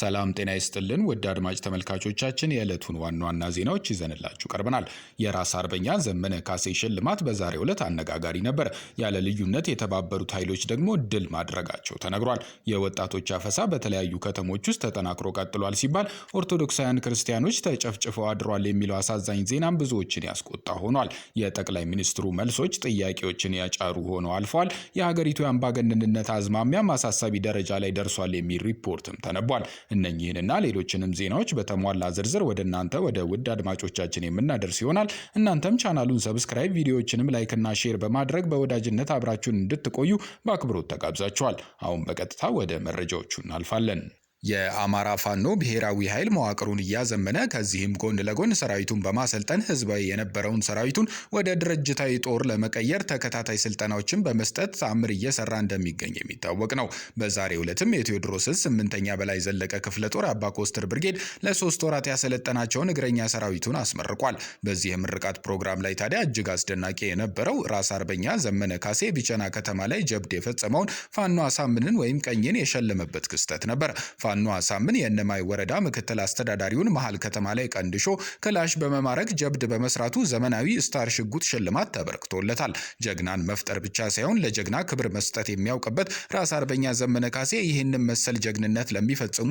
ሰላም ጤና ይስጥልን ውድ አድማጭ ተመልካቾቻችን የዕለቱን ዋና ዋና ዜናዎች ይዘንላችሁ ቀርበናል። የራስ አርበኛ ዘመነ ካሴ ሽልማት በዛሬው ዕለት አነጋጋሪ ነበር። ያለ ልዩነት የተባበሩት ኃይሎች ደግሞ ድል ማድረጋቸው ተነግሯል። የወጣቶች አፈሳ በተለያዩ ከተሞች ውስጥ ተጠናክሮ ቀጥሏል ሲባል ኦርቶዶክሳውያን ክርስቲያኖች ተጨፍጭፈው አድሯል የሚለው አሳዛኝ ዜናም ብዙዎችን ያስቆጣ ሆኗል። የጠቅላይ ሚኒስትሩ መልሶች ጥያቄዎችን ያጫሩ ሆነው አልፈዋል። የሀገሪቱ የአምባገነንነት አዝማሚያም አሳሳቢ ደረጃ ላይ ደርሷል የሚል ሪፖርትም ተነቧል። እነኚህንና ሌሎችንም ዜናዎች በተሟላ ዝርዝር ወደ እናንተ ወደ ውድ አድማጮቻችን የምናደርስ ይሆናል። እናንተም ቻናሉን ሰብስክራይብ፣ ቪዲዮዎችንም ላይክና ሼር በማድረግ በወዳጅነት አብራችሁን እንድትቆዩ በአክብሮት ተጋብዛችኋል። አሁን በቀጥታ ወደ መረጃዎቹ እናልፋለን። የአማራ ፋኖ ብሔራዊ ኃይል መዋቅሩን እያዘመነ ከዚህም ጎን ለጎን ሰራዊቱን በማሰልጠን ህዝባዊ የነበረውን ሰራዊቱን ወደ ድርጅታዊ ጦር ለመቀየር ተከታታይ ስልጠናዎችን በመስጠት ታምር እየሰራ እንደሚገኝ የሚታወቅ ነው። በዛሬው ዕለትም የቴዎድሮስ ስምንተኛ በላይ ዘለቀ ክፍለ ጦር አባ ኮስትር ብርጌድ ለሶስት ወራት ያሰለጠናቸውን እግረኛ ሰራዊቱን አስመርቋል። በዚህ የምርቃት ፕሮግራም ላይ ታዲያ እጅግ አስደናቂ የነበረው ራስ አርበኛ ዘመነ ካሴ ቢቸና ከተማ ላይ ጀብድ የፈጸመውን ፋኖ አሳምንን ወይም ቀኝን የሸለመበት ክስተት ነበር። ፋኖ አሳምን የእነማይ ወረዳ ምክትል አስተዳዳሪውን መሀል ከተማ ላይ ቀንድሾ ክላሽ በመማረክ ጀብድ በመስራቱ ዘመናዊ ስታር ሽጉጥ ሽልማት ተበርክቶለታል። ጀግናን መፍጠር ብቻ ሳይሆን ለጀግና ክብር መስጠት የሚያውቅበት ራስ አርበኛ ዘመነ ካሴ ይህንን መሰል ጀግንነት ለሚፈጽሙ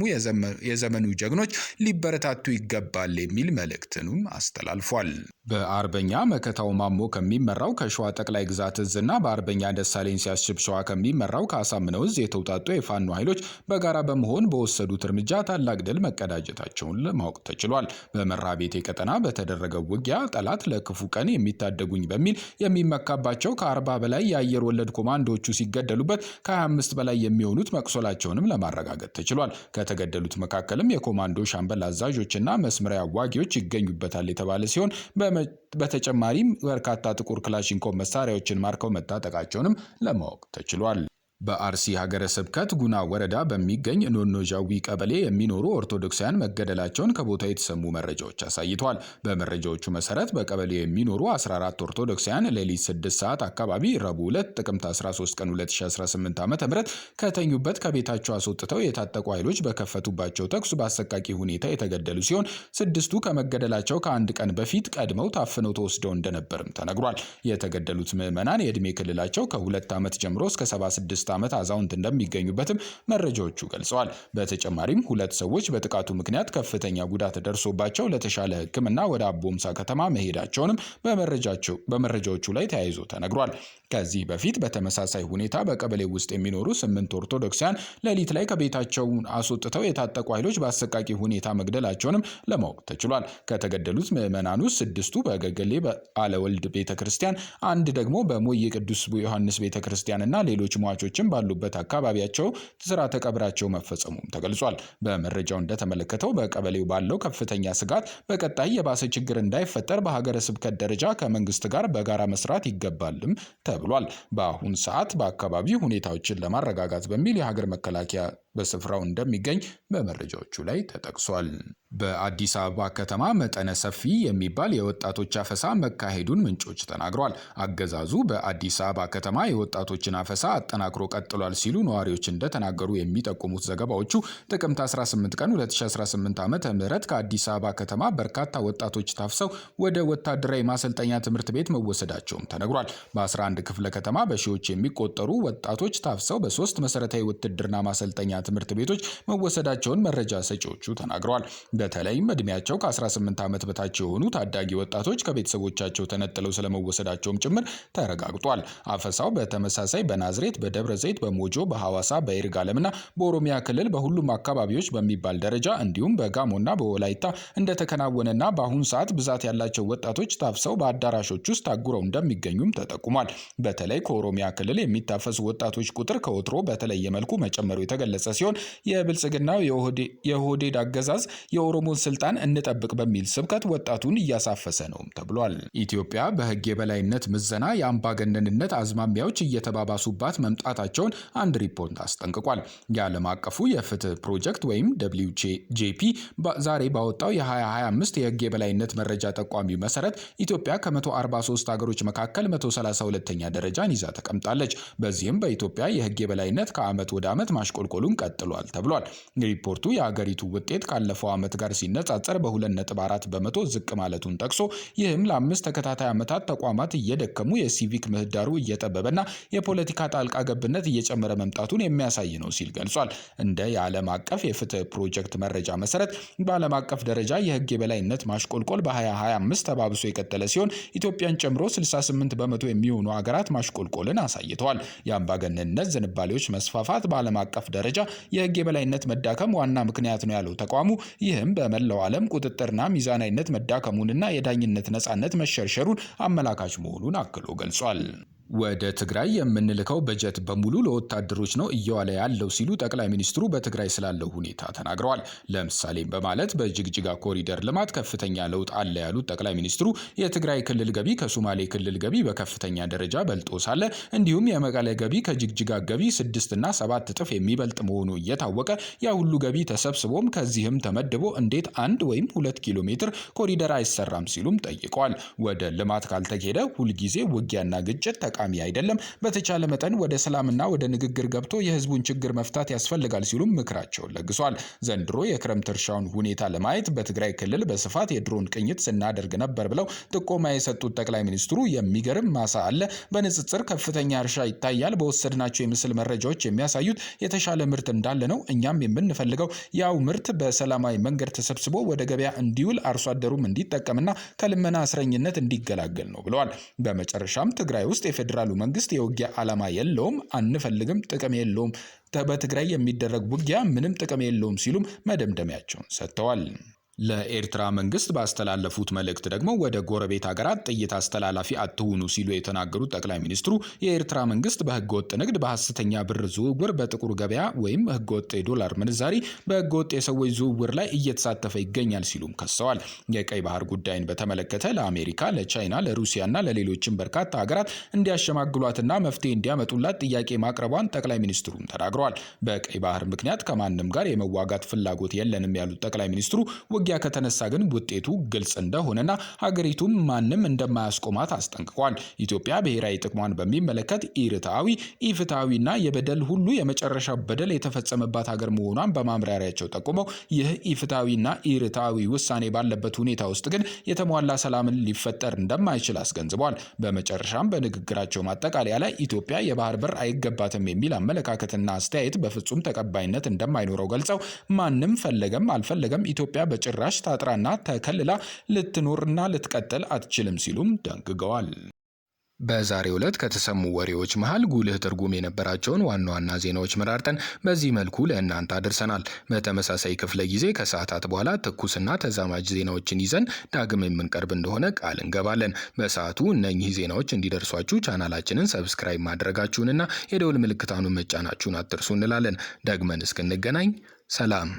የዘመኑ ጀግኖች ሊበረታቱ ይገባል የሚል መልእክትንም አስተላልፏል። በአርበኛ መከታው ማሞ ከሚመራው ከሸዋ ጠቅላይ ግዛት እዝ እና በአርበኛ ደሳለኝ ሲያስችብ ሸዋ ከሚመራው ከአሳምነው እዝ የተውጣጡ የፋኖ ኃይሎች በጋራ በመሆን በወ በወሰዱት እርምጃ ታላቅ ድል መቀዳጀታቸውን ለማወቅ ተችሏል። በመራ ቤቴ ቀጠና በተደረገው ውጊያ ጠላት ለክፉ ቀን የሚታደጉኝ በሚል የሚመካባቸው ከአርባ በላይ የአየር ወለድ ኮማንዶቹ ሲገደሉበት ከ25 በላይ የሚሆኑት መቁሰላቸውንም ለማረጋገጥ ተችሏል። ከተገደሉት መካከልም የኮማንዶ ሻምበል አዛዦችና መስመሪያ አዋጊዎች ይገኙበታል የተባለ ሲሆን በተጨማሪም በርካታ ጥቁር ክላሽንኮቭ መሳሪያዎችን ማርከው መታጠቃቸውንም ለማወቅ ተችሏል። በአርሲ ሀገረ ስብከት ጉና ወረዳ በሚገኝ ኖኖዣዊ ቀበሌ የሚኖሩ ኦርቶዶክሳውያን መገደላቸውን ከቦታው የተሰሙ መረጃዎች አሳይተዋል። በመረጃዎቹ መሰረት በቀበሌው የሚኖሩ 14 ኦርቶዶክሳውያን ሌሊት 6 ሰዓት አካባቢ ረቡዕ ዕለት ጥቅምት 13 ቀን 2018 ዓ.ም ከተኙበት ከቤታቸው አስወጥተው የታጠቁ ኃይሎች በከፈቱባቸው ተኩስ በአሰቃቂ ሁኔታ የተገደሉ ሲሆን ስድስቱ ከመገደላቸው ከአንድ ቀን በፊት ቀድመው ታፍነው ተወስደው እንደነበርም ተነግሯል። የተገደሉት ምዕመናን የዕድሜ ክልላቸው ከሁለት ዓመት ጀምሮ እስከ 76 ዓመት አዛውንት እንደሚገኙበትም መረጃዎቹ ገልጸዋል። በተጨማሪም ሁለት ሰዎች በጥቃቱ ምክንያት ከፍተኛ ጉዳት ደርሶባቸው ለተሻለ ሕክምና ወደ አቦምሳ ከተማ መሄዳቸውንም በመረጃዎቹ ላይ ተያይዞ ተነግሯል። ከዚህ በፊት በተመሳሳይ ሁኔታ በቀበሌ ውስጥ የሚኖሩ ስምንት ኦርቶዶክሳውያን ሌሊት ላይ ከቤታቸው አስወጥተው የታጠቁ ኃይሎች በአሰቃቂ ሁኔታ መግደላቸውንም ለማወቅ ተችሏል። ከተገደሉት ምዕመናን ውስጥ ስድስቱ በገገሌ አለወልድ ቤተ ክርስቲያን፣ አንድ ደግሞ በሞይ የቅዱስ ዮሐንስ ቤተ ክርስቲያን እና ሌሎች ሟቾች ሰዎችም ባሉበት አካባቢያቸው ስርዓተ ቀብራቸው መፈጸሙም ተገልጿል። በመረጃው እንደተመለከተው በቀበሌው ባለው ከፍተኛ ስጋት በቀጣይ የባሰ ችግር እንዳይፈጠር በሀገረ ስብከት ደረጃ ከመንግስት ጋር በጋራ መስራት ይገባልም ተብሏል። በአሁን ሰዓት በአካባቢው ሁኔታዎችን ለማረጋጋት በሚል የሀገር መከላከያ በስፍራው እንደሚገኝ በመረጃዎቹ ላይ ተጠቅሷል። በአዲስ አበባ ከተማ መጠነ ሰፊ የሚባል የወጣቶች አፈሳ መካሄዱን ምንጮች ተናግረዋል። አገዛዙ በአዲስ አበባ ከተማ የወጣቶችን አፈሳ አጠናክሮ ቀጥሏል ሲሉ ነዋሪዎች እንደተናገሩ የሚጠቁሙት ዘገባዎቹ ጥቅምት 18 ቀን 2018 ዓ ዓ.ም ከአዲስ አበባ ከተማ በርካታ ወጣቶች ታፍሰው ወደ ወታደራዊ ማሰልጠኛ ትምህርት ቤት መወሰዳቸውም ተነግሯል። በ11 ክፍለ ከተማ በሺዎች የሚቆጠሩ ወጣቶች ታፍሰው በሶስት መሰረታዊ ውትድርና ማሰልጠኛ ትምህርት ቤቶች መወሰዳቸውን መረጃ ሰጪዎቹ ተናግረዋል። በተለይም እድሜያቸው ከ18 ዓመት በታች የሆኑ ታዳጊ ወጣቶች ከቤተሰቦቻቸው ተነጥለው ስለመወሰዳቸውም ጭምር ተረጋግጧል። አፈሳው በተመሳሳይ በናዝሬት፣ በደብረ ዘይት፣ በሞጆ፣ በሐዋሳ፣ በይርጋለምና በኦሮሚያ ክልል በሁሉም አካባቢዎች በሚባል ደረጃ እንዲሁም በጋሞና በወላይታ እንደተከናወነና በአሁኑ ሰዓት ብዛት ያላቸው ወጣቶች ታፍሰው በአዳራሾች ውስጥ ታጉረው እንደሚገኙም ተጠቁሟል። በተለይ ከኦሮሚያ ክልል የሚታፈሱ ወጣቶች ቁጥር ከወትሮ በተለየ መልኩ መጨመሩ የተገለጸ ሲሆን የብልጽግናው የሆዴድ አገዛዝ የኦሮሞን ስልጣን እንጠብቅ በሚል ስብከት ወጣቱን እያሳፈሰ ነውም ተብሏል። ኢትዮጵያ በህግ የበላይነት ምዘና የአምባገነንነት አዝማሚያዎች እየተባባሱባት መምጣታቸውን አንድ ሪፖርት አስጠንቅቋል። የዓለም አቀፉ የፍትህ ፕሮጀክት ወይም ደብሊው ጄፒ ዛሬ ባወጣው የ2025 የህግ የበላይነት መረጃ ጠቋሚ መሰረት ኢትዮጵያ ከ143 ሀገሮች መካከል 132ኛ ደረጃን ይዛ ተቀምጣለች። በዚህም በኢትዮጵያ የህግ የበላይነት ከዓመት ወደ ዓመት ማሽቆልቆሉን ቀጥሏል ተብሏል። ሪፖርቱ የሀገሪቱ ውጤት ካለፈው ዓመት ጋር ሲነጻጸር በ2.4 በመቶ ዝቅ ማለቱን ጠቅሶ ይህም ለአምስት ተከታታይ ዓመታት ተቋማት እየደከሙ የሲቪክ ምህዳሩ እየጠበበና የፖለቲካ ጣልቃ ገብነት እየጨመረ መምጣቱን የሚያሳይ ነው ሲል ገልጿል። እንደ የዓለም አቀፍ የፍትህ ፕሮጀክት መረጃ መሰረት በዓለም አቀፍ ደረጃ የህግ የበላይነት ማሽቆልቆል በ2025 ተባብሶ የቀጠለ ሲሆን ኢትዮጵያን ጨምሮ 68 በመቶ የሚሆኑ ሀገራት ማሽቆልቆልን አሳይተዋል። የአምባገነንነት ዝንባሌዎች መስፋፋት በዓለም አቀፍ ደረጃ የህግ የበላይነት መዳከም ዋና ምክንያት ነው ያለው ተቋሙ ይህም በመላው ዓለም ቁጥጥርና ሚዛናዊነት መዳከሙንና የዳኝነት ነጻነት መሸርሸሩን አመላካች መሆኑን አክሎ ገልጿል። ወደ ትግራይ የምንልከው በጀት በሙሉ ለወታደሮች ነው እየዋለ ያለው ሲሉ ጠቅላይ ሚኒስትሩ በትግራይ ስላለው ሁኔታ ተናግረዋል። ለምሳሌም በማለት በጅግጅጋ ኮሪደር ልማት ከፍተኛ ለውጥ አለ ያሉት ጠቅላይ ሚኒስትሩ የትግራይ ክልል ገቢ ከሶማሌ ክልል ገቢ በከፍተኛ ደረጃ በልጦ ሳለ እንዲሁም የመቀለ ገቢ ከጅግጅጋ ገቢ ስድስት እና ሰባት እጥፍ የሚበልጥ መሆኑ እየታወቀ ያ ሁሉ ገቢ ተሰብስቦም ከዚህም ተመድቦ እንዴት አንድ ወይም ሁለት ኪሎ ሜትር ኮሪደር አይሰራም ሲሉም ጠይቀዋል። ወደ ልማት ካልተሄደ ሁልጊዜ ውጊያና ግጭት ተቃ ጠቃሚ አይደለም። በተቻለ መጠን ወደ ሰላምና ወደ ንግግር ገብቶ የህዝቡን ችግር መፍታት ያስፈልጋል ሲሉም ምክራቸውን ለግሷል። ዘንድሮ የክረምት እርሻውን ሁኔታ ለማየት በትግራይ ክልል በስፋት የድሮን ቅኝት ስናደርግ ነበር ብለው ጥቆማ የሰጡት ጠቅላይ ሚኒስትሩ የሚገርም ማሳ አለ፣ በንጽጽር ከፍተኛ እርሻ ይታያል። በወሰድናቸው የምስል መረጃዎች የሚያሳዩት የተሻለ ምርት እንዳለ ነው። እኛም የምንፈልገው ያው ምርት በሰላማዊ መንገድ ተሰብስቦ ወደ ገበያ እንዲውል አርሶ አደሩም እንዲጠቀምና ከልመና እስረኝነት እንዲገላገል ነው ብለዋል። በመጨረሻም ትግራይ ውስጥ የፌዴራል የፌዴራሉ መንግስት የውጊያ ዓላማ የለውም፣ አንፈልግም፣ ጥቅም የለውም፣ በትግራይ የሚደረግ ውጊያ ምንም ጥቅም የለውም ሲሉም መደምደሚያቸውን ሰጥተዋል። ለኤርትራ መንግስት ባስተላለፉት መልእክት ደግሞ ወደ ጎረቤት ሀገራት ጥይት አስተላላፊ አትሁኑ ሲሉ የተናገሩት ጠቅላይ ሚኒስትሩ የኤርትራ መንግስት በህገወጥ ንግድ፣ በሐሰተኛ ብር ዝውውር፣ በጥቁር ገበያ ወይም ህገወጥ የዶላር ምንዛሪ፣ በህገወጥ የሰዎች ዝውውር ላይ እየተሳተፈ ይገኛል ሲሉም ከሰዋል። የቀይ ባህር ጉዳይን በተመለከተ ለአሜሪካ፣ ለቻይና፣ ለሩሲያና ለሌሎችም በርካታ ሀገራት እንዲያሸማግሏትና መፍትሄ እንዲያመጡላት ጥያቄ ማቅረቧን ጠቅላይ ሚኒስትሩም ተናግረዋል። በቀይ ባህር ምክንያት ከማንም ጋር የመዋጋት ፍላጎት የለንም ያሉት ጠቅላይ ሚኒስትሩ ውጊያ ውጊያ ከተነሳ ግን ውጤቱ ግልጽ እንደሆነና ሀገሪቱም ማንም እንደማያስቆማት አስጠንቅቋል። ኢትዮጵያ ብሔራዊ ጥቅሟን በሚመለከት ኢርታዊ፣ ኢፍትሐዊና የበደል ሁሉ የመጨረሻ በደል የተፈጸመባት ሀገር መሆኗን በማምራሪያቸው ጠቁመው ይህ ኢፍትሐዊና ኢርታዊ ውሳኔ ባለበት ሁኔታ ውስጥ ግን የተሟላ ሰላምን ሊፈጠር እንደማይችል አስገንዝቧል። በመጨረሻም በንግግራቸው ማጠቃለያ ላይ ኢትዮጵያ የባህር በር አይገባትም የሚል አመለካከትና አስተያየት በፍጹም ተቀባይነት እንደማይኖረው ገልጸው ማንም ፈለገም አልፈለገም ኢትዮጵያ በጭ በጭራሽ ታጥራና ተከልላ ልትኖርና ልትቀጥል አትችልም ሲሉም ደንግገዋል። በዛሬ ዕለት ከተሰሙ ወሬዎች መሃል ጉልህ ትርጉም የነበራቸውን ዋና ዋና ዜናዎች መራርጠን በዚህ መልኩ ለእናንተ አድርሰናል። በተመሳሳይ ክፍለ ጊዜ ከሰዓታት በኋላ ትኩስና ተዛማጅ ዜናዎችን ይዘን ዳግም የምንቀርብ እንደሆነ ቃል እንገባለን። በሰዓቱ እነኚህ ዜናዎች እንዲደርሷችሁ ቻናላችንን ሰብስክራይብ ማድረጋችሁንና የደውል ምልክታኑን መጫናችሁን አትርሱ እንላለን። ደግመን እስክንገናኝ ሰላም።